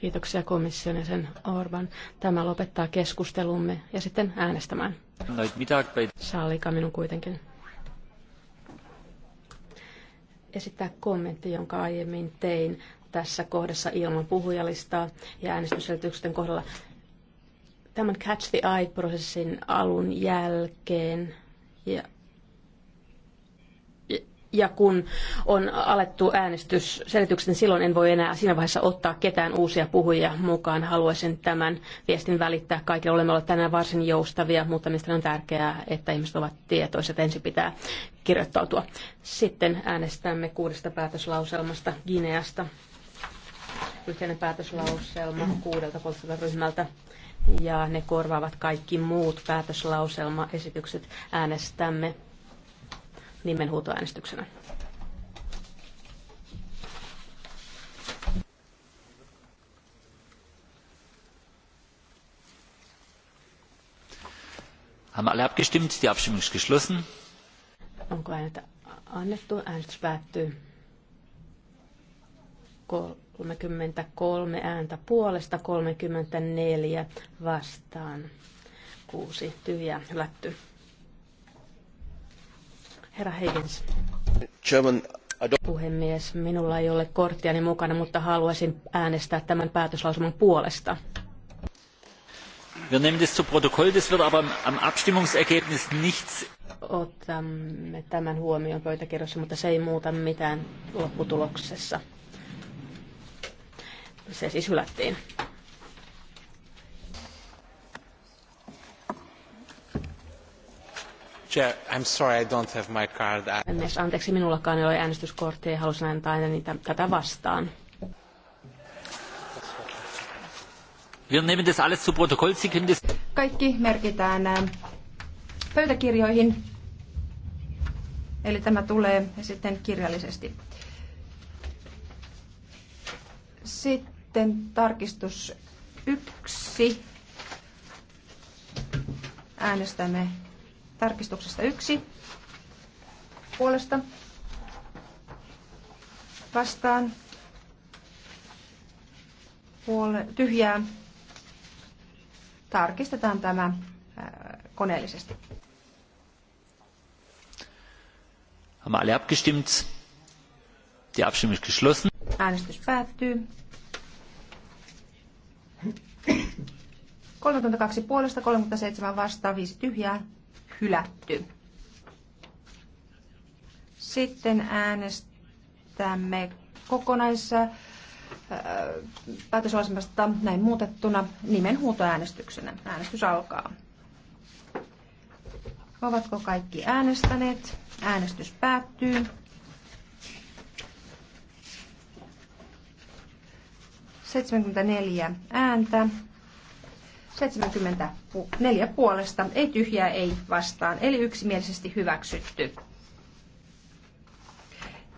Kiitoksia komission sen Orban. Tämä lopettaa keskustelumme ja sitten äänestämään. mitä Sallika minun kuitenkin esittää kommentti, jonka aiemmin tein tässä kohdassa ilman puhujalistaa ja äänestysselitysten kohdalla. Tämän Catch the Eye-prosessin alun jälkeen ja ja kun on alettu äänestysselitykset, niin silloin en voi enää siinä vaiheessa ottaa ketään uusia puhujia mukaan. Haluaisin tämän viestin välittää kaikille. Olemme olleet tänään varsin joustavia, mutta mielestäni on tärkeää, että ihmiset ovat tietoiset. Ensin pitää kirjoittautua. Sitten äänestämme kuudesta päätöslauselmasta Gineasta. Yhteinen päätöslauselma kuudelta poliittiselta ryhmältä ja ne korvaavat kaikki muut päätöslauselmaesitykset. Äänestämme nimenhuutoäänestyksenä. Haben alle abgestimmt? Die Abstimmung ist geschlossen. Onko äänet annettu? Äänestys päättyy. 33 ääntä puolesta, 34 vastaan, 6 tyhjää hylätty. Herra Higgins. German Puhemies, minulla ei ole korttiani mukana, mutta haluaisin äänestää tämän päätöslausuman puolesta. Wir nehmen das zu Protokoll, das wird aber am Abstimmungsergebnis nichts Otamme tämän huomioon pöytäkirjassa, mutta se ei muuta mitään lopputuloksessa. Se siis hylättiin. Chair, I'm sorry, I don't have my card. anteeksi, minullakaan ei ole äänestyskorttia halusin antaa niitä tätä vastaan. Wir nehmen das alles zu Protokoll. Sie können das Kaikki merkitään ähm, pöytäkirjoihin. Eli tämä tulee sitten kirjallisesti. Sitten tarkistus yksi. Äänestämme tarkistuksesta yksi puolesta vastaan puole, tyhjää. Tarkistetaan tämä äh, koneellisesti. Haben alle abgestimmt? Die Abstimmung ist geschlossen. Äänestys päättyy. 32 puolesta, 37 vastaan, 5 tyhjää hylätty. Sitten äänestämme kokonaisessa äh, päätöslausumasta näin muutettuna huutoäänestyksenä. Äänestys alkaa. Ovatko kaikki äänestäneet? Äänestys päättyy. Seitsemänkymmentäneljä ääntä, 74 puolesta, ei tyhjää, ei vastaan, eli yksimielisesti hyväksytty.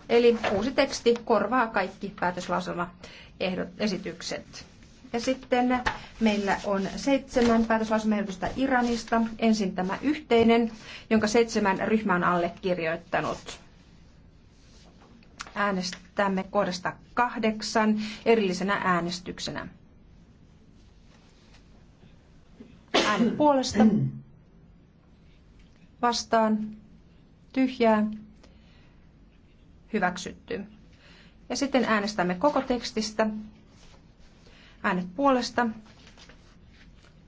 Eli uusi teksti korvaa kaikki päätöslauselmaesitykset. Ja sitten meillä on seitsemän päätöslauselmaehdotusta Iranista. Ensin tämä yhteinen, jonka seitsemän ryhmän on allekirjoittanut. Äänestämme kohdasta kahdeksan erillisenä äänestyksenä. ääni puolesta. Vastaan. Tyhjää. Hyväksytty. Ja sitten äänestämme koko tekstistä. Äänet puolesta.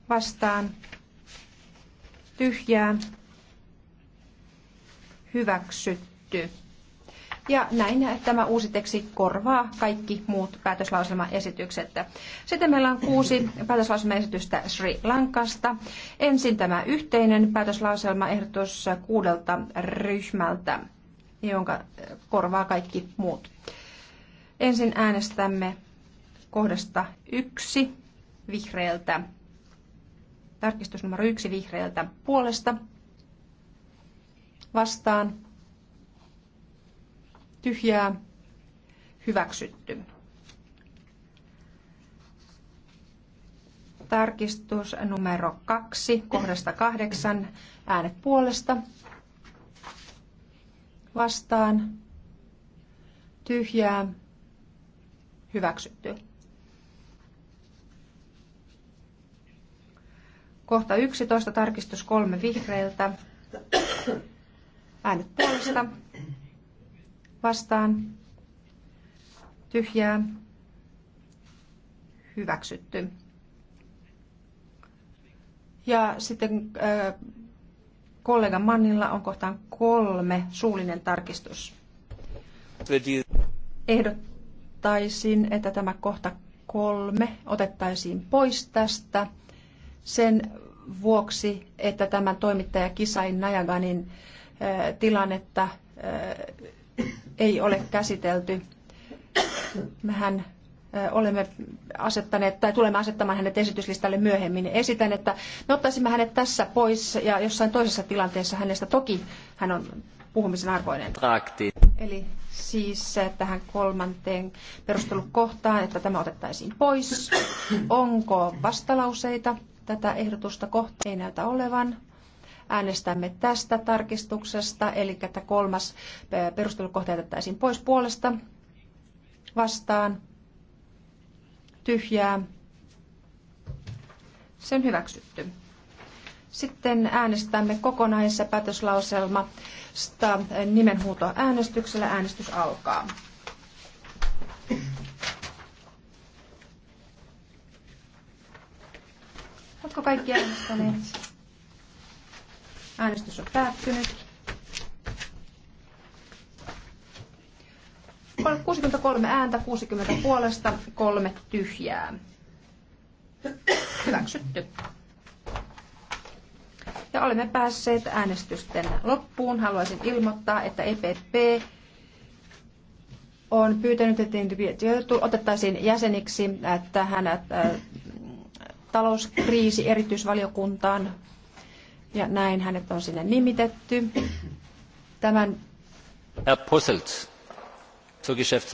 Vastaan. Tyhjää. Hyväksytty. Ja näin tämä uusi teksti korvaa kaikki muut päätöslauselmaesitykset. Sitten meillä on kuusi päätöslauselmaesitystä Sri Lankasta. Ensin tämä yhteinen päätöslauselmaehdotus kuudelta ryhmältä, jonka korvaa kaikki muut. Ensin äänestämme kohdasta yksi vihreältä, tarkistus numero yksi vihreältä puolesta vastaan tyhjää, hyväksytty. Tarkistus numero kaksi, kohdasta kahdeksan, äänet puolesta, vastaan, tyhjää, hyväksytty. Kohta 11, tarkistus kolme vihreiltä. Äänet puolesta, vastaan tyhjää hyväksytty. Ja sitten äh, kollega Mannilla on kohtaan kolme suullinen tarkistus. Ehdottaisin, että tämä kohta kolme otettaisiin pois tästä sen vuoksi, että tämän toimittaja Kisain Najaganin äh, tilannetta äh, ei ole käsitelty. Mehän olemme asettaneet tai tulemme asettamaan hänet esityslistalle myöhemmin. Esitän, että me ottaisimme hänet tässä pois ja jossain toisessa tilanteessa hänestä toki hän on puhumisen arvoinen. Trakti. Eli siis tähän kolmanteen perustelukohtaan, että tämä otettaisiin pois. Onko vastalauseita tätä ehdotusta kohta? Ei näytä olevan. Äänestämme tästä tarkistuksesta, eli että kolmas perustelukohta jätettäisiin pois puolesta vastaan tyhjää. Se on hyväksytty. Sitten äänestämme kokonaisessa päätöslauselmasta nimenhuuto äänestyksellä. Äänestys alkaa. Oletko kaikki äänestäneet? Äänestys on päättynyt. 63 ääntä, 60 puolesta, kolme tyhjää. Hyväksytty. Ja olemme päässeet äänestysten loppuun. Haluaisin ilmoittaa, että EPP on pyytänyt, että otettaisiin jäseniksi äh, tähän äh, talouskriisi erityisvaliokuntaan ja näin hänet on sinne nimitetty. Tämän... Herr Posselt, zur